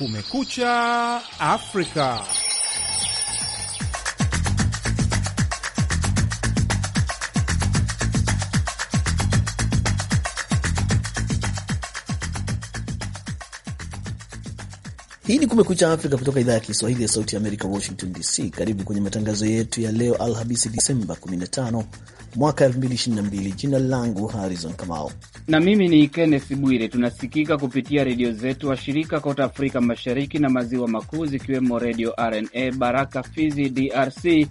Kumekucha Afrika. Hii ni Kumekucha Afrika kutoka idhaa ya Kiswahili ya Sauti ya Amerika, Washington DC. Karibu kwenye matangazo yetu ya leo Alhamisi, Disemba 15 mwaka 2022. Jina langu Harrison Kamao na mimi ni Kenneth Bwire. Tunasikika kupitia redio zetu washirika kote Afrika Mashariki na Maziwa Makuu, zikiwemo Redio RNA Baraka Fizi DRC,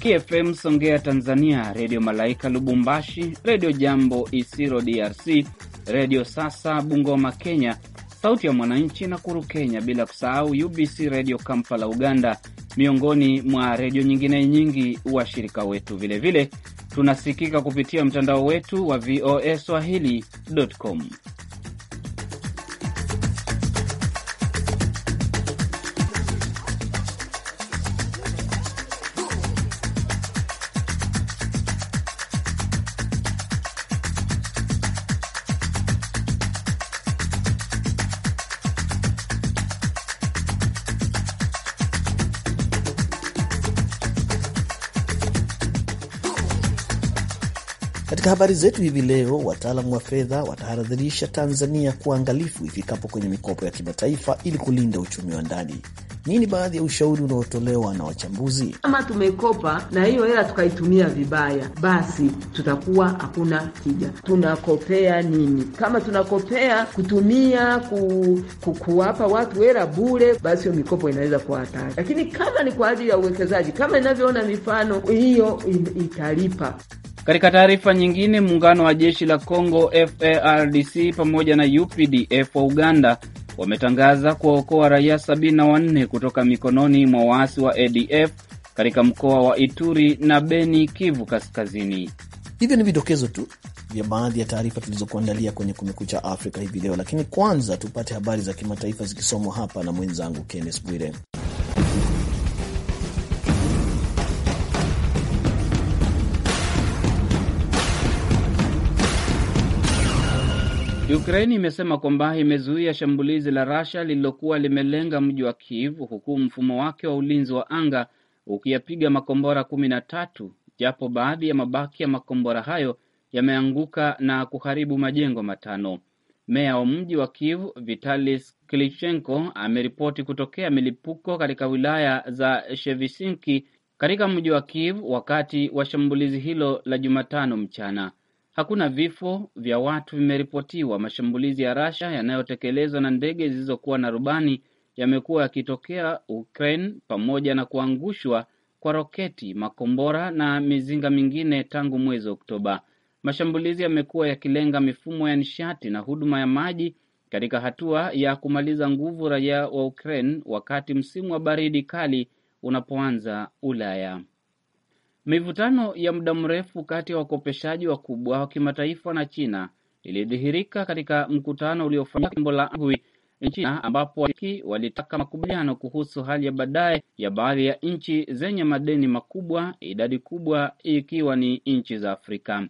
KFM Songea Tanzania, Redio Malaika Lubumbashi, Redio Jambo Isiro DRC, Redio Sasa Bungoma Kenya, Sauti ya Mwananchi na Kuru Kenya, bila kusahau UBC Redio Kampala Uganda, miongoni mwa redio nyingine nyingi washirika wetu. Vilevile vile, tunasikika kupitia mtandao wetu wa VOA swahili.com. Katika habari zetu hivi leo, wataalamu wa fedha watahadharisha Tanzania kuwa angalifu ifikapo kwenye mikopo ya kimataifa ili kulinda uchumi wa ndani. Nini baadhi ya ushauri unaotolewa na wachambuzi? Kama tumekopa na hiyo hela tukaitumia vibaya, basi tutakuwa hakuna tija. Tunakopea nini? Kama tunakopea kutumia ku, ku, kuwapa watu hela bure, basi hiyo mikopo inaweza kuwa hatari. Lakini kama ni kwa ajili ya uwekezaji, kama inavyoona mifano hiyo, italipa. Katika taarifa nyingine, muungano wa jeshi la Congo FARDC pamoja na UPDF wa Uganda wametangaza kuwaokoa raia 74 kutoka mikononi mwa waasi wa ADF katika mkoa wa Ituri na Beni, Kivu Kaskazini. Hivyo ni vidokezo tu vya baadhi ya taarifa tulizokuandalia kwenye Kumekucha Afrika hivi leo, lakini kwanza tupate habari za kimataifa zikisomwa hapa na mwenzangu Kennes Bwire. Ukraini imesema kwamba imezuia shambulizi la Rasha lililokuwa limelenga mji wa Kiev, huku mfumo wake wa ulinzi wa anga ukiyapiga makombora kumi na tatu, japo baadhi ya mabaki ya makombora hayo yameanguka na kuharibu majengo matano. Meya wa mji wa Kiev Vitalis Klitschenko ameripoti kutokea milipuko katika wilaya za Shevisinki katika mji wa Kiev wakati wa shambulizi hilo la Jumatano mchana. Hakuna vifo vya watu vimeripotiwa. Mashambulizi ya Russia yanayotekelezwa na ndege zilizokuwa na rubani yamekuwa yakitokea Ukraine pamoja na kuangushwa kwa roketi, makombora na mizinga mingine tangu mwezi Oktoba. Mashambulizi yamekuwa yakilenga mifumo ya nishati na huduma ya maji katika hatua ya kumaliza nguvu raia wa Ukraine wakati msimu wa baridi kali unapoanza Ulaya. Mivutano ya muda mrefu kati ya wakopeshaji wakubwa wa kimataifa na China ilidhihirika katika mkutano uliofanyika jimbo la Anhui nchini ambapo washiriki walitaka makubaliano kuhusu hali ya baadaye ya baadhi ya nchi zenye madeni makubwa, idadi kubwa ikiwa ni nchi za Afrika.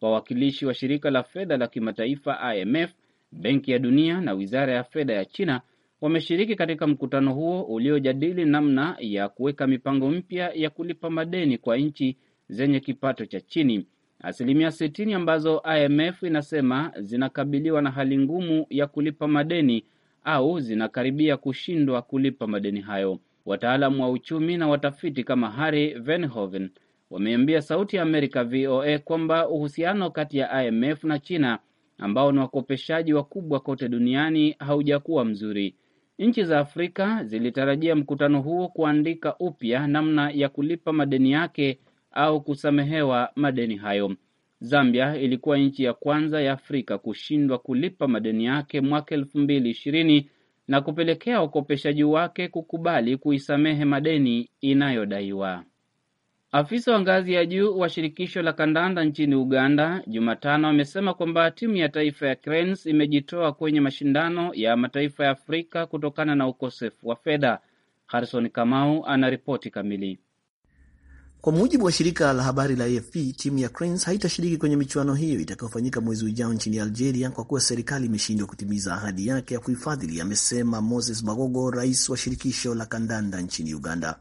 Wawakilishi wa shirika la fedha la kimataifa IMF, Benki ya Dunia na Wizara ya Fedha ya China wameshiriki katika mkutano huo uliojadili namna ya kuweka mipango mpya ya kulipa madeni kwa nchi zenye kipato cha chini, asilimia 60 ambazo IMF inasema zinakabiliwa na hali ngumu ya kulipa madeni au zinakaribia kushindwa kulipa madeni hayo. Wataalamu wa uchumi na watafiti kama Harry Venhoven wameambia Sauti ya Amerika VOA kwamba uhusiano kati ya IMF na China ambao ni wakopeshaji wakubwa kote duniani haujakuwa mzuri. Nchi za Afrika zilitarajia mkutano huo kuandika upya namna ya kulipa madeni yake au kusamehewa madeni hayo. Zambia ilikuwa nchi ya kwanza ya Afrika kushindwa kulipa madeni yake mwaka elfu mbili ishirini na kupelekea wakopeshaji wake kukubali kuisamehe madeni inayodaiwa. Afisa wa ngazi ya juu wa shirikisho la kandanda nchini Uganda Jumatano amesema kwamba timu ya taifa ya Cranes imejitoa kwenye mashindano ya mataifa ya Afrika kutokana na ukosefu wa fedha. harison Kamau anaripoti kamili. Kwa mujibu wa shirika la habari la AFP, timu ya Cranes haitashiriki kwenye michuano hiyo itakayofanyika mwezi ujao nchini Algeria kwa kuwa serikali imeshindwa kutimiza ahadi yake ya kuhifadhili amesema Moses Magogo, rais wa shirikisho la kandanda nchini Uganda.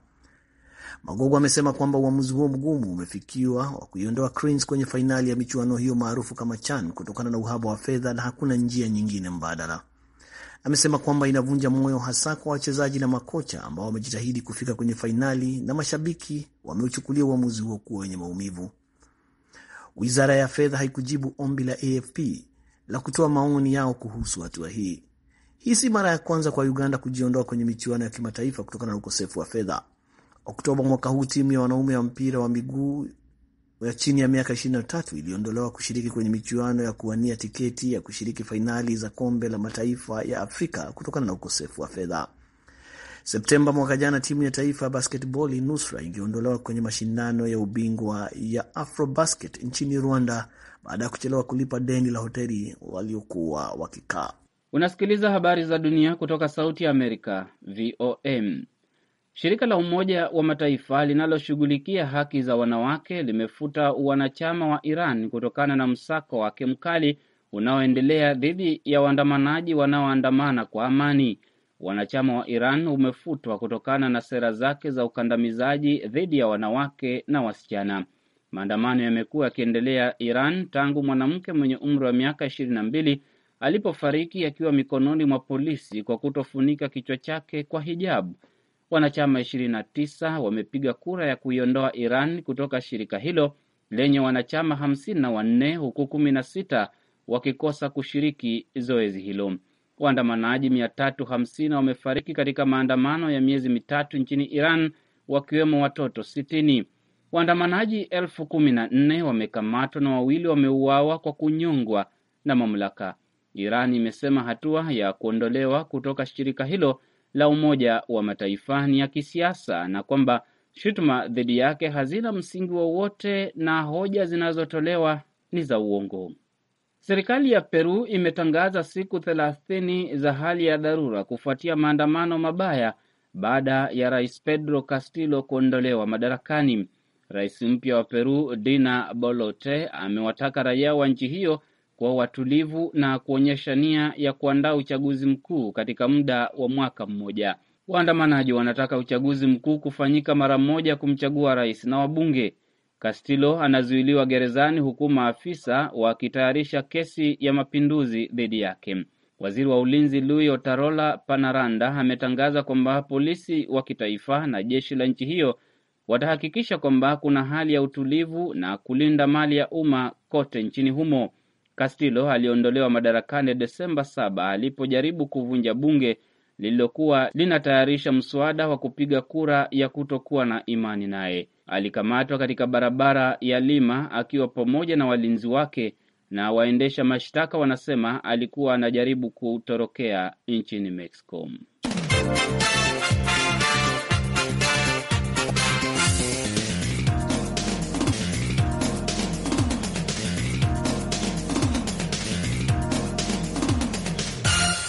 Magogo amesema kwamba uamuzi huo mgumu umefikiwa wa kuiondoa Cranes kwenye fainali ya michuano hiyo maarufu kama CHAN kutokana na uhaba wa fedha na hakuna njia nyingine mbadala. Amesema kwamba inavunja moyo hasa kwa wachezaji na makocha ambao wamejitahidi kufika kwenye fainali na mashabiki wameuchukulia uamuzi huo kuwa wenye maumivu. Wizara ya fedha haikujibu ombi la AFP la kutoa maoni yao kuhusu hatua hii. Hii si mara ya kwanza kwa Uganda kujiondoa kwenye michuano ya kimataifa kutokana na ukosefu wa fedha. Oktoba mwaka huu timu ya wanaume ya mpira wa miguu ya chini ya miaka 23 iliondolewa kushiriki kwenye michuano ya kuwania tiketi ya kushiriki fainali za kombe la mataifa ya Afrika kutokana na ukosefu wa fedha. Septemba mwaka jana timu ya taifa ya basketball nusra iliondolewa kwenye mashindano ya ubingwa ya Afrobasket nchini Rwanda baada ya kuchelewa kulipa deni la hoteli waliokuwa wakikaa. Unasikiliza habari za dunia kutoka Sauti ya Amerika, VOM. Shirika la Umoja wa Mataifa linaloshughulikia haki za wanawake limefuta wanachama wa Iran kutokana na msako wake mkali unaoendelea dhidi ya waandamanaji wanaoandamana kwa amani. Wanachama wa Iran umefutwa kutokana na sera zake za ukandamizaji dhidi ya wanawake na wasichana. Maandamano yamekuwa yakiendelea Iran tangu mwanamke mwenye umri wa miaka ishirini na mbili alipofariki akiwa mikononi mwa polisi kwa kutofunika kichwa chake kwa hijabu wanachama 29 wamepiga kura ya kuiondoa Iran kutoka shirika hilo lenye wanachama 54 huku 16 wakikosa kushiriki zoezi hilo. Waandamanaji 350 wamefariki katika maandamano ya miezi mitatu nchini Iran, wakiwemo watoto 60. Waandamanaji 14 wamekamatwa na wawili wameuawa kwa kunyongwa na mamlaka. Iran imesema hatua ya kuondolewa kutoka shirika hilo la Umoja wa Mataifa ni ya kisiasa na kwamba shutuma dhidi yake hazina msingi wowote na hoja zinazotolewa ni za uongo. Serikali ya Peru imetangaza siku thelathini za hali ya dharura kufuatia maandamano mabaya baada ya Rais Pedro Castillo kuondolewa madarakani. Rais mpya wa Peru Dina bolote amewataka raia wa nchi hiyo kuwa watulivu na kuonyesha nia ya kuandaa uchaguzi mkuu katika muda wa mwaka mmoja. Waandamanaji wanataka uchaguzi mkuu kufanyika mara moja kumchagua rais na wabunge. Castillo anazuiliwa gerezani huku maafisa wakitayarisha kesi ya mapinduzi dhidi yake. Waziri wa ulinzi Luis Otarola Panaranda ametangaza kwamba polisi wa kitaifa na jeshi la nchi hiyo watahakikisha kwamba kuna hali ya utulivu na kulinda mali ya umma kote nchini humo. Castillo aliondolewa madarakani Desemba 7 alipojaribu kuvunja bunge lililokuwa linatayarisha mswada wa kupiga kura ya kutokuwa na imani naye. Alikamatwa katika barabara ya Lima akiwa pamoja na walinzi wake, na waendesha mashtaka wanasema alikuwa anajaribu kutorokea nchini Mexico.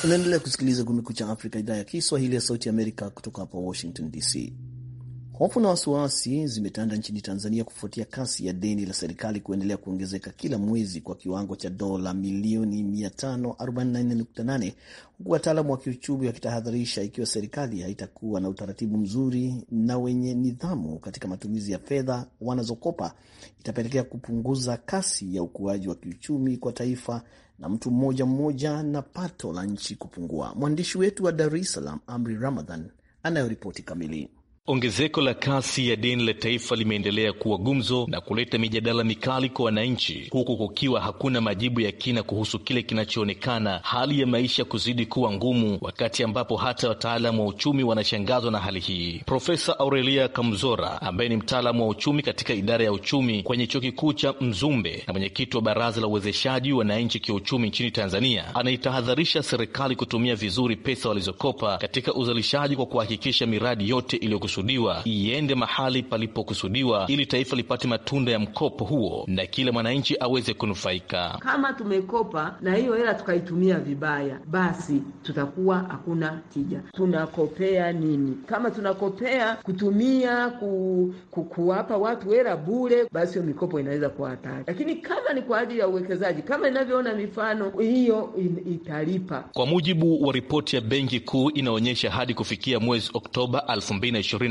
Unaendelea kusikiliza Kumekucha Afrika, idhaa ya Kiswahili ya Sauti Amerika kutoka hapa Washington DC. Hofu na wasiwasi zimetanda nchini Tanzania kufuatia kasi ya deni la serikali kuendelea kuongezeka kila mwezi kwa kiwango cha dola milioni 544.8 huku wataalamu wa kiuchumi wakitahadharisha ikiwa serikali haitakuwa na utaratibu mzuri na wenye nidhamu katika matumizi ya fedha wanazokopa, itapelekea kupunguza kasi ya ukuaji wa kiuchumi kwa taifa na mtu mmoja mmoja na pato la nchi kupungua. Mwandishi wetu wa Dar es Salaam, Amri Ramadhan, anayoripoti kamili. Ongezeko la kasi ya deni la taifa limeendelea kuwa gumzo na kuleta mijadala mikali kwa wananchi, huku kukiwa hakuna majibu ya kina kuhusu kile kinachoonekana hali ya maisha kuzidi kuwa ngumu, wakati ambapo hata wataalamu wa uchumi wanashangazwa na hali hii. Profesa Aurelia Kamzora ambaye ni mtaalamu wa uchumi katika idara ya uchumi kwenye chuo kikuu cha Mzumbe na mwenyekiti wa baraza la uwezeshaji wananchi kiuchumi nchini Tanzania, anaitahadharisha serikali kutumia vizuri pesa walizokopa katika uzalishaji kwa kuhakikisha miradi yote iliyo kusudiwa iende mahali palipokusudiwa ili taifa lipate matunda ya mkopo huo na kila mwananchi aweze kunufaika. Kama tumekopa na hiyo hela tukaitumia vibaya, basi tutakuwa hakuna tija. Tunakopea nini? Kama tunakopea kutumia ku, ku, kuwapa watu hela bure, basi hiyo mikopo inaweza kuwa hatari. Lakini kama ni kwa ajili ya uwekezaji, kama inavyoona mifano hiyo, italipa. Kwa mujibu wa ripoti ya Benki Kuu inaonyesha hadi kufikia mwezi Oktoba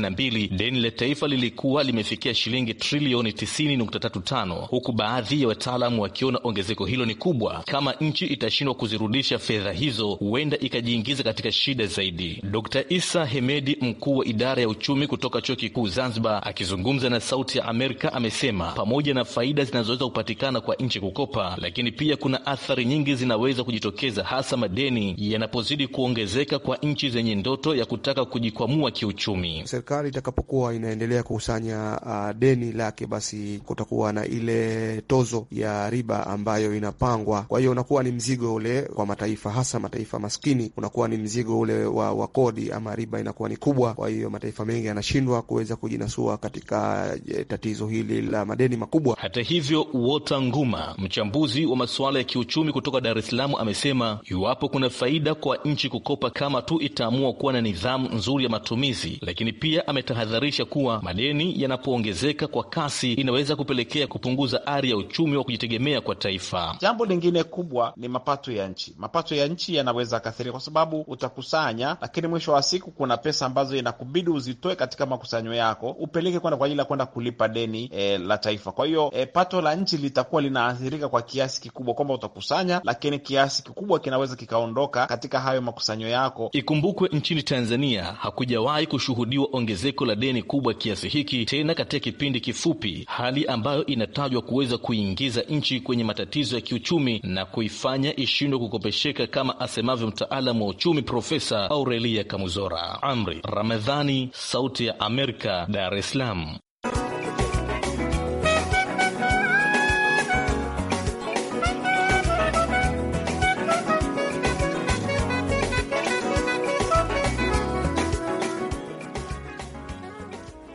2 deni la taifa lilikuwa limefikia shilingi trilioni 935 huku baadhi ya wataalamu wakiona ongezeko hilo ni kubwa. Kama nchi itashindwa kuzirudisha fedha hizo, huenda ikajiingiza katika shida zaidi. Dr Isa Hemedi, mkuu wa idara ya uchumi kutoka chuo kikuu Zanzibar, akizungumza na Sauti ya Amerika amesema pamoja na faida zinazoweza kupatikana kwa nchi kukopa, lakini pia kuna athari nyingi zinaweza kujitokeza, hasa madeni yanapozidi kuongezeka kwa nchi zenye ndoto ya kutaka kujikwamua kiuchumi serikali itakapokuwa inaendelea kukusanya uh, deni lake, basi kutakuwa na ile tozo ya riba ambayo inapangwa. Kwa hiyo unakuwa ni mzigo ule kwa mataifa, hasa mataifa maskini, unakuwa ni mzigo ule wa, wa kodi ama riba inakuwa ni kubwa. Kwa hiyo mataifa mengi yanashindwa kuweza kujinasua katika eh, tatizo hili la madeni makubwa. Hata hivyo, Wota Nguma, mchambuzi wa masuala ya kiuchumi kutoka Dar es Salaam, amesema iwapo kuna faida kwa nchi kukopa kama tu itaamua kuwa na nidhamu nzuri ya matumizi, lakini pia pia ametahadharisha kuwa madeni yanapoongezeka kwa kasi inaweza kupelekea kupunguza ari ya uchumi wa kujitegemea kwa taifa. Jambo lingine kubwa ni mapato ya nchi. Mapato ya nchi yanaweza akaathirika kwa sababu utakusanya, lakini mwisho wa siku kuna pesa ambazo inakubidi uzitoe katika makusanyo yako upeleke kwenda kwa ajili ya kwenda kulipa deni e, la taifa. Kwa hiyo e, pato la nchi litakuwa linaathirika kwa kiasi kikubwa, kwamba utakusanya, lakini kiasi kikubwa kinaweza kikaondoka katika hayo makusanyo yako. Ikumbukwe nchini Tanzania hakujawahi kushuhudiwa ongezeko la deni kubwa kiasi hiki tena katika kipindi kifupi, hali ambayo inatajwa kuweza kuingiza nchi kwenye matatizo ya kiuchumi na kuifanya ishindwe kukopesheka, kama asemavyo mtaalamu wa uchumi Profesa Aurelia Kamuzora. Amri Ramadhani, Sauti ya Amerika, Dar es Salaam.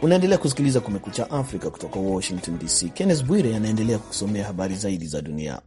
Unaendelea kusikiliza Kumekucha Afrika kutoka Washington DC. kennes Bwire anaendelea kukusomea habari zaidi za dunia.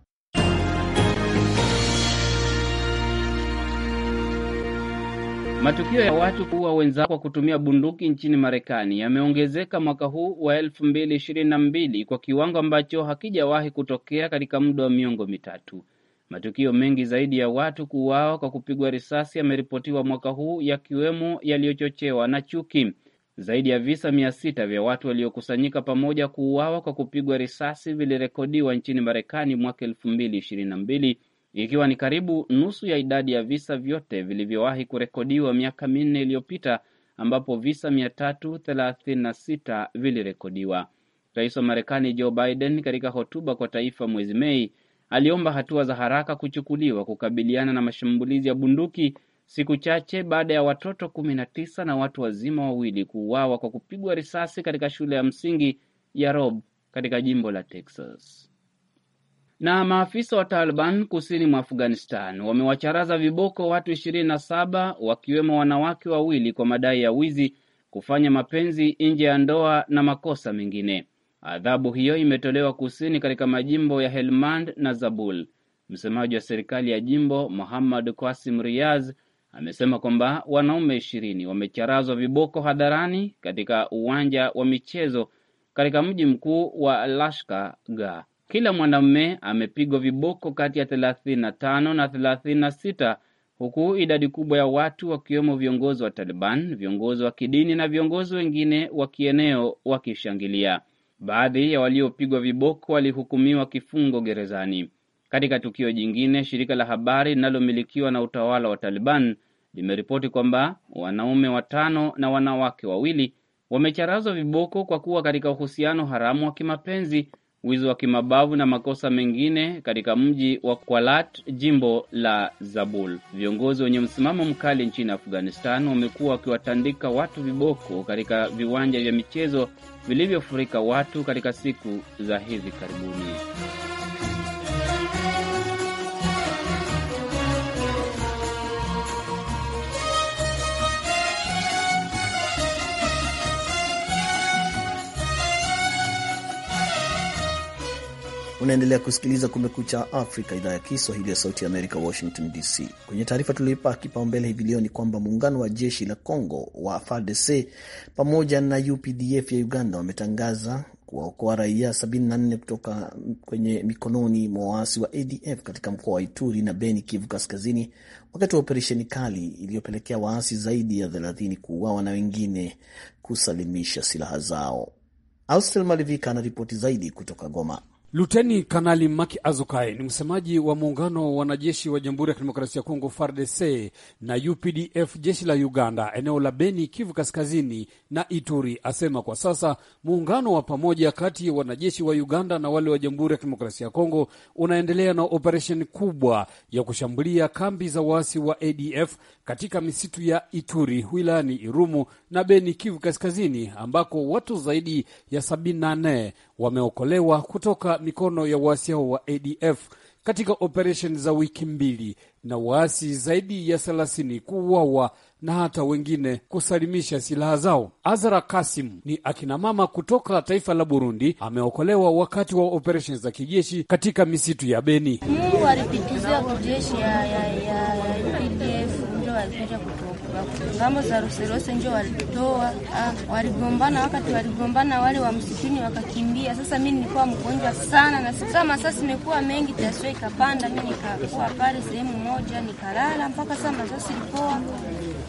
Matukio ya watu kuua wenzao kwa kutumia bunduki nchini Marekani yameongezeka mwaka huu wa 222 kwa kiwango ambacho hakijawahi kutokea katika muda wa miongo mitatu. Matukio mengi zaidi ya watu kuuawa kwa kupigwa risasi yameripotiwa mwaka huu, yakiwemo yaliyochochewa na chuki. Zaidi ya visa mia sita vya watu waliokusanyika pamoja kuuawa kwa kupigwa risasi vilirekodiwa nchini Marekani mwaka elfu mbili ishirini na mbili ikiwa ni karibu nusu ya idadi ya visa vyote vilivyowahi kurekodiwa miaka minne iliyopita ambapo visa 336 vilirekodiwa. Rais wa Marekani Joe Biden katika hotuba kwa taifa mwezi Mei aliomba hatua za haraka kuchukuliwa kukabiliana na mashambulizi ya bunduki siku chache baada ya watoto kumi na tisa na watu wazima wawili kuuawa kwa kupigwa risasi katika shule ya msingi ya Rob katika jimbo la Texas. Na maafisa wa Taliban kusini mwa Afghanistan wamewacharaza viboko watu 27 wakiwemo wanawake wawili kwa madai ya wizi, kufanya mapenzi nje ya ndoa na makosa mengine. Adhabu hiyo imetolewa kusini katika majimbo ya Helmand na Zabul. Msemaji wa serikali ya jimbo Muhammad Qasim Riaz amesema kwamba wanaume ishirini wamecharazwa viboko hadharani katika uwanja wa michezo katika mji mkuu wa Lashkar Gah. Kila mwanaume amepigwa viboko kati ya thelathini na sita huku idadi kubwa ya watu wakiwemo viongozi wa Taliban, viongozi wa kidini na viongozi wengine wa kieneo wakishangilia. Baadhi ya waliopigwa viboko walihukumiwa kifungo gerezani. Katika tukio jingine, shirika la habari linalomilikiwa na utawala wa Taliban limeripoti kwamba wanaume watano na wanawake wawili wamecharazwa viboko kwa kuwa katika uhusiano haramu wa kimapenzi, wizi wa kimabavu na makosa mengine katika mji wa Kwalat, jimbo la Zabul. Viongozi wenye msimamo mkali nchini Afghanistan wamekuwa wakiwatandika watu viboko katika viwanja vya michezo vilivyofurika watu katika siku za hivi karibuni. Unaendelea kusikiliza Kumekucha Afrika, idhaa ya Kiswahili ya Sauti ya Amerika, Washington DC. Kwenye taarifa tulioipa kipaumbele hivi leo ni kwamba muungano wa jeshi la Congo wa FARDC pamoja na UPDF ya Uganda wametangaza kuwaokoa raia 74 kutoka kwenye mikononi mwa waasi wa ADF katika mkoa wa Ituri na Beni, Kivu Kaskazini, wakati wa operesheni kali iliyopelekea waasi zaidi ya 30 kuuawa na wengine kusalimisha silaha zao. Austel Malivika ana ripoti zaidi kutoka Goma. Luteni Kanali Maki Azukai ni msemaji wa muungano wa wanajeshi wa Jamhuri ya Kidemokrasia ya Kongo, FARDC na UPDF, jeshi la Uganda, eneo la Beni, Kivu Kaskazini na Ituri, asema kwa sasa muungano wa pamoja kati ya wanajeshi wa Uganda na wale wa Jamhuri ya Kidemokrasia ya Kongo unaendelea na operesheni kubwa ya kushambulia kambi za waasi wa ADF katika misitu ya Ituri, wilayani Irumu na Beni, Kivu Kaskazini, ambako watu zaidi ya 78 wameokolewa kutoka mikono ya waasi hao wa ADF katika operesheni za wiki mbili, na waasi zaidi ya thelathini kuuawa na hata wengine kusalimisha silaha zao. azara Kasim ni akinamama kutoka taifa la Burundi, ameokolewa wakati wa operesheni za kijeshi katika misitu ya Beni. Mungu alipitizia kujeshi ya, ya, ya, ya, ya, ya, ya walipata kutoka ngambo za Roserose, njo walitoa ah, waligombana. Wakati waligombana wale wa msituni wakakimbia. Sasa mi nilikuwa mgonjwa sana, na sasa masasi imekuwa mengi, tasio ikapanda, mi nikakuwa pale sehemu moja nikalala mpaka saa masasi ilipoa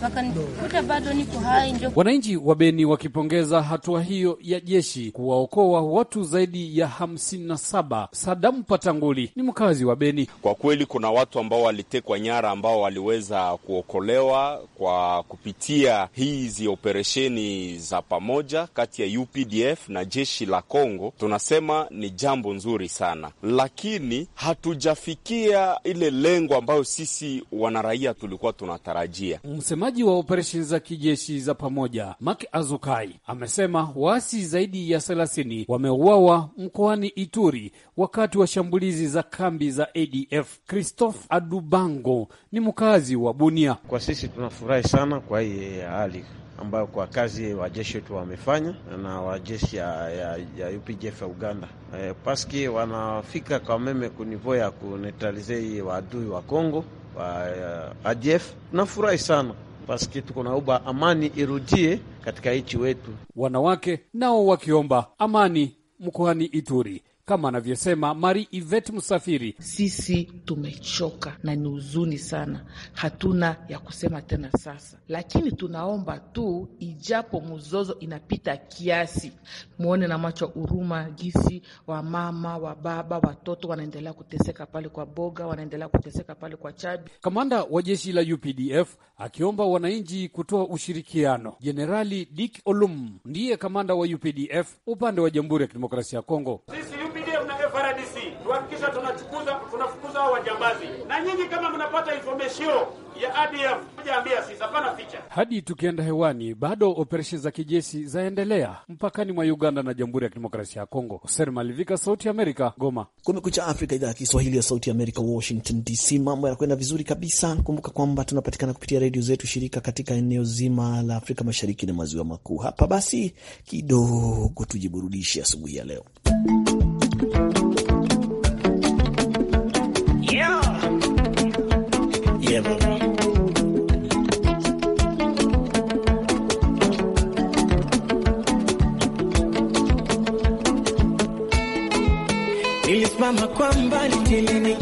wakanikuta bado niko hai. Ndio wananchi wa Beni wakipongeza hatua hiyo ya jeshi kuwaokoa watu zaidi ya hamsini na saba. Sadamu Patanguli ni mkazi wa Beni. Kwa kweli kuna watu ambao walitekwa nyara ambao waliweza kuokolewa kwa kupitia hizi operesheni za pamoja kati ya UPDF na jeshi la congo Tunasema ni jambo nzuri sana, lakini hatujafikia ile lengo ambayo sisi wanaraia tulikuwa tunatarajia. Msemaji msemaji wa operesheni za kijeshi za pamoja Mak Azukai amesema waasi zaidi ya thelathini wameuawa mkoani Ituri wakati wa shambulizi za kambi za ADF. Christophe Adubango ni mkazi wa Bunia. Kwa sisi tunafurahi sana kwa hii hali ambayo kwa kazi wajeshi wetu wamefanya na wajeshi ya, ya, ya UPGF ya Uganda e, paski wanafika kwa meme kunivo ya kunetalize waadui wa Kongo wa ADF. Nafurahi sana basi tuko naomba amani irudie katika nchi wetu. Wanawake nao wakiomba amani mkoani Ituri kama anavyosema Mari Ivet Msafiri. Sisi tumechoka na ni huzuni sana, hatuna ya kusema tena sasa, lakini tunaomba tu, ijapo mzozo inapita kiasi, mwone na macho huruma gisi wamama wa baba watoto wanaendelea kuteseka pale kwa Boga, wanaendelea kuteseka pale kwa Chabi. Kamanda wa jeshi la UPDF akiomba wananchi kutoa ushirikiano. Jenerali Dick Olum ndiye kamanda wa UPDF upande wa Jamhuri ya Kidemokrasia ya Kongo. Sisi tunahakikisha tunachukuza tunafukuza hao wajambazi, na nyinyi kama mnapata information ya ADF ambia sisi, hapana ficha. Hadi tukienda hewani, bado operesheni za kijeshi zaendelea mpakani mwa Uganda na Jamhuri ya Kidemokrasia ya Kongo. Ser Malivika, Sauti Amerika, Goma. Kumekucha Afrika, idhaa ya Kiswahili ya Sauti Amerika, Washington DC. Mambo yanakwenda vizuri kabisa. Kumbuka kwamba tunapatikana kupitia redio zetu shirika katika eneo zima la Afrika Mashariki na Maziwa Makuu. Hapa basi kidogo tujiburudishe asubuhi ya leo I'm mama kwa mbali tilini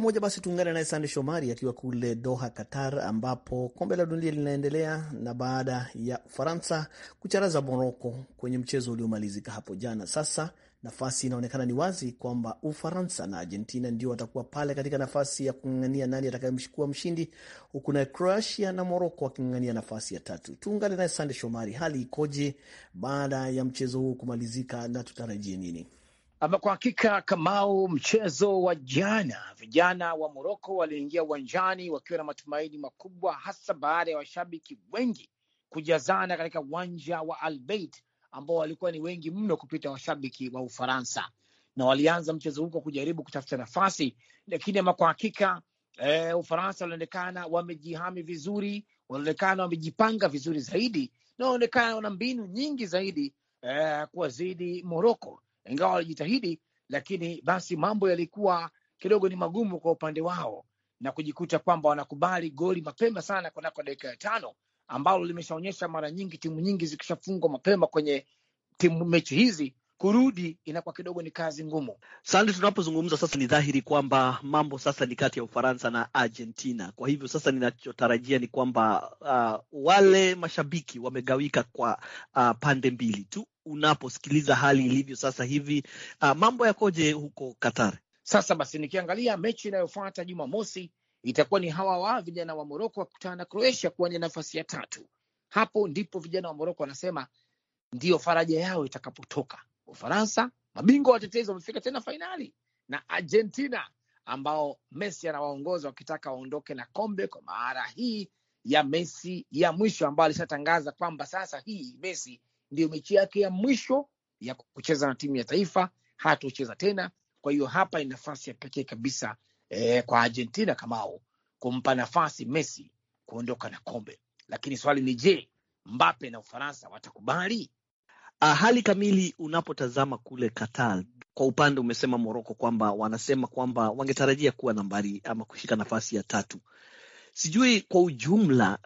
kwa moja basi tuungane naye Sande Shomari akiwa kule Doha, Qatar, ambapo kombe la dunia linaendelea na baada ya Ufaransa kucharaza Moroko kwenye mchezo uliomalizika hapo jana. Sasa nafasi inaonekana ni wazi kwamba Ufaransa na Argentina ndio watakuwa pale katika nafasi ya kung'ang'ania nani atakayekuwa mshindi, huku naye Croatia na Moroko waking'ang'ania nafasi ya tatu. Tuungane naye Sande Shomari, hali ikoje baada ya mchezo huu kumalizika na tutarajie nini? Ama kwa hakika, Kamau, mchezo wa jana, vijana wa Moroko waliingia uwanjani wakiwa na matumaini makubwa, hasa baada ya washabiki wengi kujazana katika uwanja wa Albeit ambao walikuwa ni wengi mno kupita washabiki wa Ufaransa, na walianza mchezo huko kujaribu kutafuta nafasi, lakini ama kwa hakika e, Ufaransa walionekana wamejihami vizuri, walionekana wamejipanga vizuri zaidi, na wanaonekana wana mbinu nyingi zaidi e, kuwazidi Moroko ingawa walijitahidi, lakini basi mambo yalikuwa kidogo ni magumu kwa upande wao na kujikuta kwamba wanakubali goli mapema sana kunako dakika ya tano, ambalo limeshaonyesha mara nyingi timu nyingi zikishafungwa mapema kwenye timu mechi hizi kurudi inakuwa kidogo ni kazi ngumu. Sandi, tunapozungumza sasa ni dhahiri kwamba mambo sasa ni kati ya Ufaransa na Argentina. Kwa hivyo sasa ninachotarajia ni kwamba uh, wale mashabiki wamegawika kwa uh, pande mbili tu. Unaposikiliza hali ilivyo sasa hivi, uh, mambo yakoje huko Qatar? Sasa basi, nikiangalia mechi inayofuata Jumamosi itakuwa ni hawa wa vijana wa Moroko wakutana na Croatia kuwania nafasi ya tatu. Hapo ndipo vijana wa Moroko wanasema ndiyo faraja yao itakapotoka Ufaransa mabingwa watetezi wamefika tena fainali na Argentina ambao Messi anawaongoza wakitaka waondoke na kombe kwa mara hii ya Messi ya mwisho, ambayo alishatangaza kwamba sasa hii Messi ndiyo mechi yake ya mwisho ya kucheza na timu ya taifa, hatocheza tena. Kwa hiyo hapa ni nafasi ya pekee kabisa eh, kwa Argentina kamao kumpa nafasi Messi kuondoka na kombe, lakini swali ni je, Mbappe na Ufaransa watakubali? Ah, hali kamili unapotazama kule Qatar. Kwa upande umesema Moroko kwamba wanasema kwamba wangetarajia kuwa nambari ama kushika nafasi ya tatu. Sijui kwa ujumla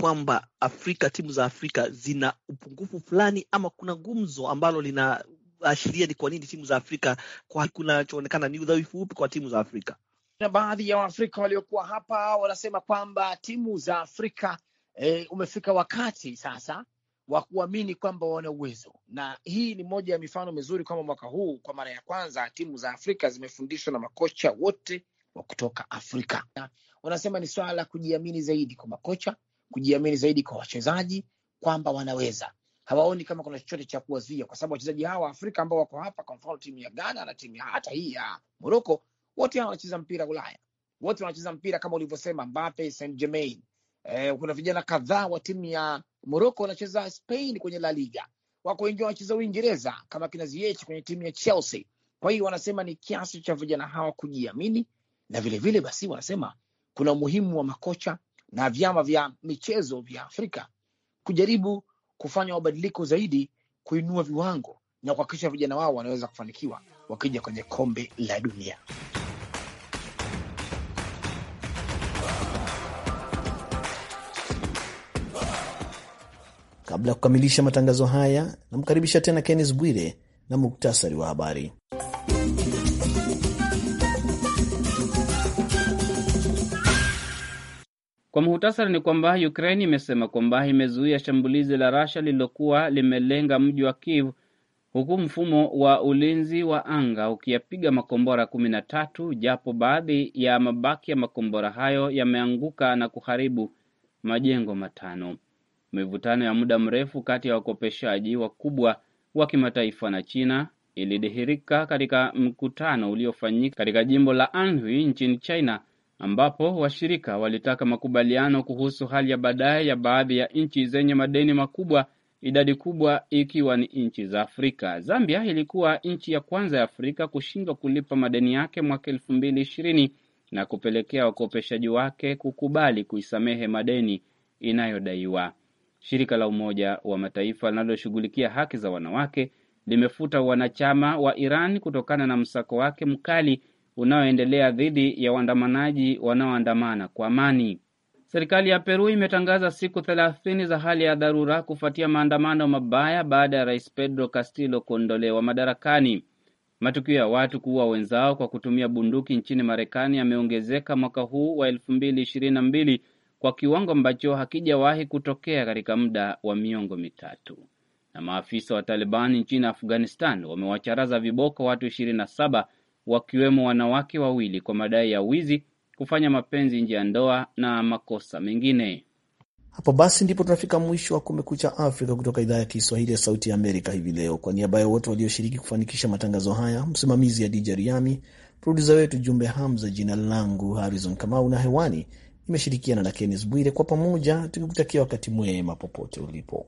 kwamba Afrika, timu za Afrika zina upungufu fulani, ama kuna gumzo ambalo linaashiria ni kwa nini timu za Afrika, kwa kunachoonekana ni udhaifu upi kwa timu za Afrika? Na baadhi ya Waafrika waliokuwa hapa wanasema kwamba timu za Afrika e, umefika wakati sasa wa kuamini kwamba wana uwezo, na hii ni moja ya mifano mizuri kwamba mwaka huu kwa mara ya kwanza timu za Afrika zimefundishwa na makocha wote wa kutoka Afrika. Na wanasema ni swala la kujiamini zaidi kwa makocha, kujiamini zaidi kwa wachezaji kwamba wanaweza. Hawaoni kama kuna chochote cha kuwazuia, kwa sababu wachezaji hawa wa Afrika ambao wako hapa, kwa mfano timu ya Ghana na timu hata hii ya Moroko, wote hawa wanacheza mpira Ulaya, wote wanacheza mpira kama ulivyosema, Mbappe, St Germain eh, kuna vijana kadhaa wa timu ya Moroko wanacheza Spain kwenye La Liga, wako wengine wanacheza Uingereza kama kina Ziyech kwenye timu ya Chelsea. Kwa hiyo wanasema ni kiasi cha vijana hawa kujiamini, na vilevile vile basi wanasema kuna umuhimu wa makocha na vyama vya michezo vya Afrika kujaribu kufanya mabadiliko zaidi, kuinua viwango na kuhakikisha vijana wao wanaweza kufanikiwa wakija kwenye kombe la dunia. Kabla ya kukamilisha matangazo haya, namkaribisha tena Kennes Bwire na muktasari wa habari. Kwa muhtasari ni kwamba ukrain imesema kwamba imezuia shambulizi la Rasha lililokuwa limelenga mji wa Kiev, huku mfumo wa ulinzi wa anga ukiyapiga makombora kumi na tatu, japo baadhi ya mabaki ya makombora hayo yameanguka na kuharibu majengo matano. Mivutano ya muda mrefu kati ya wakopeshaji wakubwa wa kimataifa na China ilidhihirika katika mkutano uliofanyika katika jimbo la Anhui nchini China ambapo washirika walitaka makubaliano kuhusu hali ya baadaye ya baadhi ya nchi zenye madeni makubwa, idadi kubwa ikiwa ni nchi za Afrika. Zambia ilikuwa nchi ya kwanza ya Afrika kushindwa kulipa madeni yake mwaka elfu mbili ishirini na kupelekea wakopeshaji wake kukubali kuisamehe madeni inayodaiwa. Shirika la Umoja wa Mataifa linaloshughulikia haki za wanawake limefuta wanachama wa Iran kutokana na msako wake mkali unaoendelea dhidi ya waandamanaji wanaoandamana kwa amani. Serikali ya Peru imetangaza siku thelathini za hali ya dharura kufuatia maandamano mabaya baada ya rais Pedro Castillo kuondolewa madarakani. Matukio ya watu kuua wenzao kwa kutumia bunduki nchini Marekani yameongezeka mwaka huu wa elfu mbili ishirini na mbili kwa kiwango ambacho hakijawahi kutokea katika muda wa miongo mitatu. Na maafisa wa Talibani nchini Afghanistan wamewacharaza viboko watu 27 wakiwemo wanawake wawili kwa madai ya wizi, kufanya mapenzi nje ya ndoa na makosa mengine. Hapo basi ndipo tunafika mwisho wa Kumekucha Afrika kutoka idhaa ya Kiswahili ya Sauti ya Amerika hivi leo. Kwa niaba ya wote walioshiriki kufanikisha matangazo haya, msimamizi Adija Riami, produsa wetu Jumbe Hamza, jina langu Harrison Kamau na hewani imeshirikiana na Kennes Bwire, kwa pamoja tukikutakia wakati mwema popote ulipo.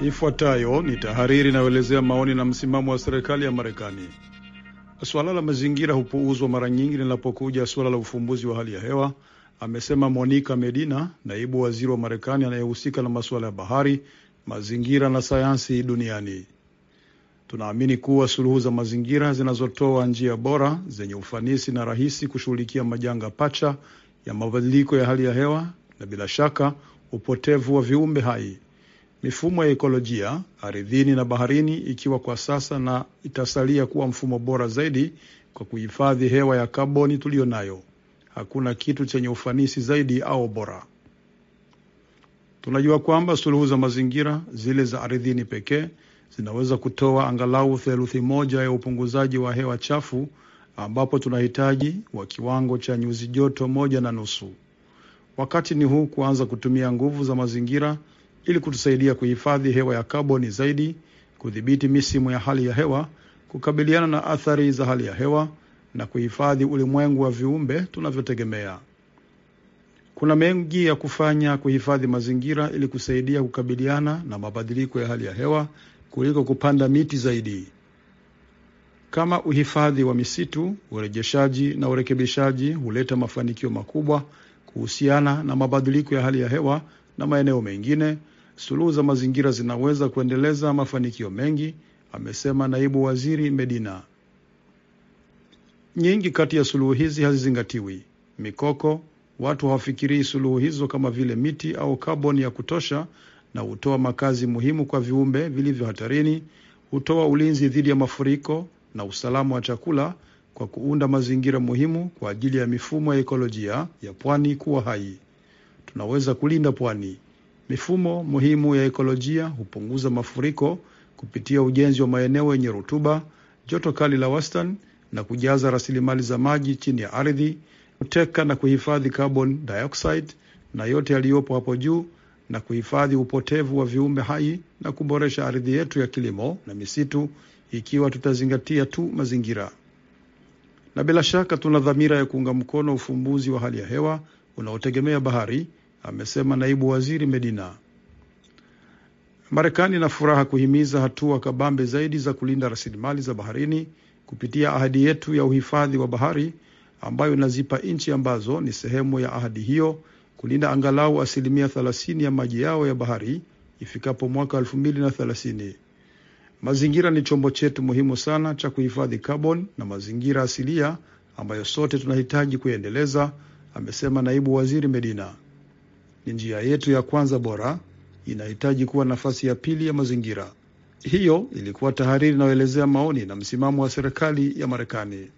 Ifuatayo ni tahariri inayoelezea maoni na msimamo wa serikali ya Marekani. Suala la mazingira hupuuzwa mara nyingi linapokuja suala la ufumbuzi wa hali ya hewa, amesema Monica Medina, naibu waziri wa Marekani anayehusika na masuala ya bahari mazingira na sayansi duniani. Tunaamini kuwa suluhu za mazingira zinazotoa njia bora zenye ufanisi na rahisi kushughulikia majanga pacha ya mabadiliko ya hali ya hewa na bila shaka upotevu wa viumbe hai. Mifumo ya ekolojia ardhini na baharini ikiwa kwa sasa na itasalia kuwa mfumo bora zaidi kwa kuhifadhi hewa ya kaboni tuliyo nayo. Hakuna kitu chenye ufanisi zaidi au bora. Tunajua kwamba suluhu za mazingira, zile za ardhini pekee, zinaweza kutoa angalau theluthi moja ya upunguzaji wa hewa chafu ambapo tunahitaji wa kiwango cha nyuzi joto moja na nusu. Wakati ni huu kuanza kutumia nguvu za mazingira ili kutusaidia kuhifadhi hewa ya kaboni zaidi, kudhibiti misimu ya hali ya hewa, kukabiliana na athari za hali ya hewa na kuhifadhi ulimwengu wa viumbe tunavyotegemea. Kuna mengi ya kufanya kuhifadhi mazingira ili kusaidia kukabiliana na mabadiliko ya hali ya hewa kuliko kupanda miti zaidi, kama uhifadhi wa misitu, urejeshaji na urekebishaji huleta mafanikio makubwa kuhusiana na mabadiliko ya hali ya hewa na maeneo mengine. Suluhu za mazingira zinaweza kuendeleza mafanikio mengi, amesema naibu waziri Medina. Nyingi kati ya suluhu hizi hazizingatiwi. Mikoko, Watu hawafikirii suluhu hizo kama vile miti au kaboni ya kutosha, na hutoa makazi muhimu kwa viumbe vilivyo hatarini, hutoa ulinzi dhidi ya mafuriko na usalama wa chakula kwa kuunda mazingira muhimu kwa ajili ya mifumo ya ekolojia ya pwani kuwa hai. Tunaweza kulinda pwani. Mifumo muhimu ya ekolojia hupunguza mafuriko kupitia ujenzi wa maeneo yenye rutuba, joto kali la wastani na kujaza rasilimali za maji chini ya ardhi kuteka na kuhifadhi carbon dioxide na yote yaliyopo hapo juu na kuhifadhi upotevu wa viumbe hai na kuboresha ardhi yetu ya kilimo na misitu ikiwa tutazingatia tu mazingira. Na bila shaka tuna dhamira ya kuunga mkono ufumbuzi wa hali ya hewa unaotegemea bahari, amesema naibu waziri Medina. Marekani ina furaha kuhimiza hatua kabambe zaidi za kulinda rasilimali za baharini kupitia ahadi yetu ya uhifadhi wa bahari ambayo inazipa nchi ambazo ni sehemu ya ahadi hiyo kulinda angalau asilimia 30 ya maji yao ya bahari ifikapo mwaka 2030. Mazingira ni chombo chetu muhimu sana cha kuhifadhi kaboni na mazingira asilia ambayo sote tunahitaji kuendeleza, amesema naibu waziri Medina. Ni njia yetu ya kwanza bora, inahitaji kuwa nafasi ya pili ya mazingira. Hiyo ilikuwa tahariri inayoelezea maoni na msimamo wa serikali ya Marekani.